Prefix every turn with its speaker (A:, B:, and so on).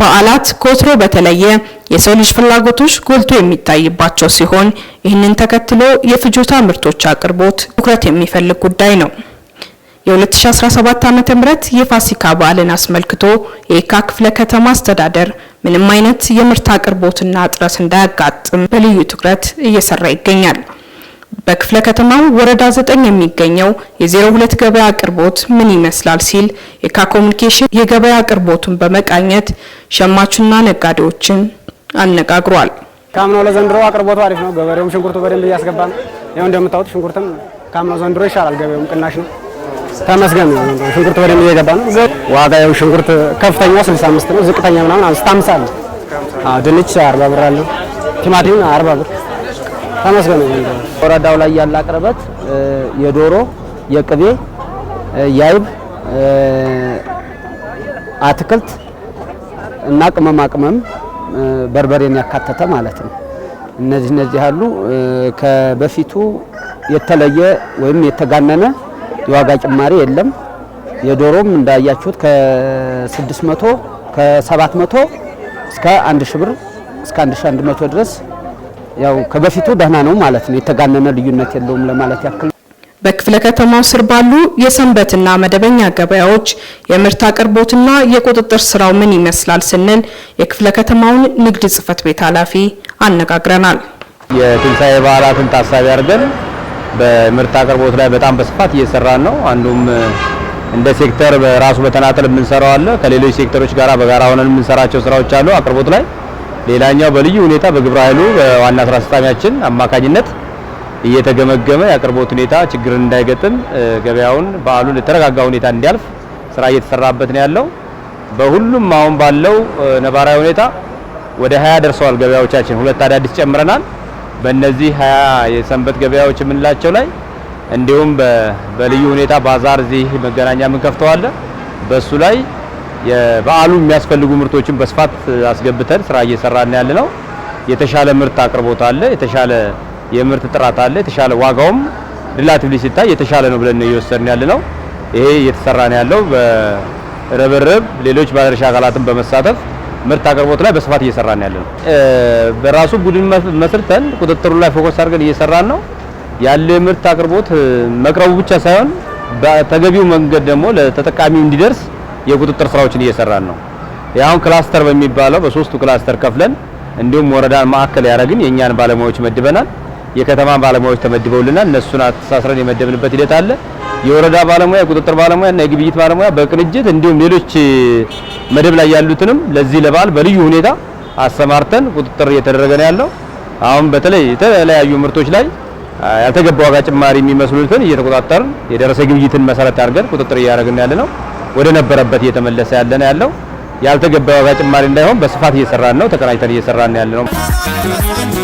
A: በዓላት ከወትሮ በተለየ የሰው ልጅ ፍላጎቶች ጎልቶ የሚታይባቸው ሲሆን ይህንን ተከትሎ የፍጆታ ምርቶች አቅርቦት ትኩረት የሚፈልግ ጉዳይ ነው። የ2017 ዓ.ም የፋሲካ በዓልን አስመልክቶ የካ ክፍለ ከተማ አስተዳደር ምንም አይነት የምርት አቅርቦትና እጥረት እንዳያጋጥም በልዩ ትኩረት እየሰራ ይገኛል። በክፍለ ከተማው ወረዳ ዘጠኝ የሚገኘው የዜሮ ሁለት ገበያ አቅርቦት ምን ይመስላል ሲል የካ ኮሚኒኬሽን የገበያ አቅርቦቱን በመቃኘት ሸማቹና ነጋዴዎችን አነጋግሯል።
B: ከአምናው ለዘንድሮ አቅርቦቱ አሪፍ ነው። ገበሬውም ሽንኩርቱ በደንብ እያስገባ ነው። ይኸው እንደምታዩት ሽንኩርትም ከአምናው ዘንድሮ ይሻላል። ገበሬውም ቅናሽ ነው። ተመስገን ነው። ሽንኩርቱ በደንብ እየገባ ነው። ዋጋ ያው ሽንኩርት ከፍተኛ 65 ነው፣ ዝቅተኛ ምናምን 55 አለ። ድንች 40 ብር አለ። ቲማቲም 40 ብር ተመስገን ወረዳው ላይ ያለ አቅርበት የዶሮ፣ የቅቤ፣ የአይብ፣ አትክልት እና ቅመማ ቅመም በርበሬን ያካተተ ማለት ነው። እነዚህ እነዚህ ያሉ ከበፊቱ የተለየ ወይም የተጋነነ የዋጋ ጭማሪ የለም። የዶሮም እንዳያችሁት ከ600 ከ700 እስከ 1000 ብር እስከ 1100 ድረስ ያው ከበፊቱ ደህና ነው ማለት ነው። የተጋነነ ልዩነት የለውም ለማለት ያክል።
A: በክፍለ ከተማው ስር ባሉ የሰንበትና መደበኛ ገበያዎች የምርት አቅርቦትና የቁጥጥር ስራው ምን ይመስላል ስንል የክፍለ ከተማውን ንግድ ጽፈት ቤት ኃላፊ አነጋግረናል።
C: የትንሳኤ በዓላትን ታሳቢ አድርገን በምርት አቅርቦት ላይ በጣም በስፋት እየሰራን ነው። አንዱም እንደ ሴክተር በራሱ በተናጠል የምንሰራው አለ፣ ከሌሎች ሴክተሮች ጋር በጋራ ሆነን የምንሰራቸው ስራዎች አሉ አቅርቦት ላይ ሌላኛው በልዩ ሁኔታ በግብረ ኃይሉ በዋና ስራ አስፈጻሚያችን አማካኝነት እየተገመገመ የአቅርቦት ሁኔታ ችግር እንዳይገጥም ገበያውን በዓሉን የተረጋጋ ሁኔታ እንዲያልፍ ስራ እየተሰራበት ነው ያለው። በሁሉም አሁን ባለው ነባራዊ ሁኔታ ወደ ሀያ ደርሰዋል ገበያዎቻችን። ሁለት አዳዲስ ጨምረናል። በእነዚህ ሀያ የሰንበት ገበያዎች የምንላቸው ላይ እንዲሁም በልዩ ሁኔታ ባዛር እዚህ መገናኛ ምን ከፍተዋለ በእሱ ላይ የበዓሉ የሚያስፈልጉ ምርቶችን በስፋት አስገብተን ስራ እየሰራን ያለ ነው። የተሻለ ምርት አቅርቦት አለ፣ የተሻለ የምርት ጥራት አለ፣ የተሻለ ዋጋውም ሪላቲቭሊ ሲታይ የተሻለ ነው ብለን እየወሰድን ያለ ነው። ይሄ እየተሰራ ነው ያለው በርብርብ ሌሎች ባለድርሻ አካላትን በመሳተፍ ምርት አቅርቦት ላይ በስፋት እየሰራን ያለ ነው። በራሱ ቡድን መስርተን ቁጥጥሩ ላይ ፎከስ አድርገን እየሰራን ነው ያለ ምርት አቅርቦት መቅረቡ ብቻ ሳይሆን በተገቢው መንገድ ደግሞ ለተጠቃሚው እንዲደርስ የቁጥጥር ስራዎችን እየሰራን ነው። ያሁን ክላስተር በሚባለው በሶስቱ ክላስተር ከፍለን እንዲሁም ወረዳን ማዕከል ያደረግን የእኛን ባለሙያዎች መድበናል። የከተማ ባለሙያዎች ተመድበውልናል። እነሱን አስተሳስረን የመደብንበት ሂደት አለ። የወረዳ ባለሙያ፣ የቁጥጥር ባለሙያ እና የግብይት ባለሙያ በቅንጅት እንዲሁም ሌሎች መደብ ላይ ያሉትንም ለዚህ ለበዓል በልዩ ሁኔታ አሰማርተን ቁጥጥር እየተደረገ ነው ያለው። አሁን በተለይ የተለያዩ ምርቶች ላይ ያልተገባ ዋጋ ጭማሪ የሚመስሉትን እየተቆጣጠርን የደረሰ ግብይትን መሰረት አድርገን ቁጥጥር እያደረግን ያለ ነው። ወደ ነበረበት እየተመለሰ ያለ ነው ያለው። ያልተገባ ዋጋ ጭማሪ እንዳይሆን በስፋት እየሰራን ነው። ተቀናጅተን እየሰራን ያለ ነው።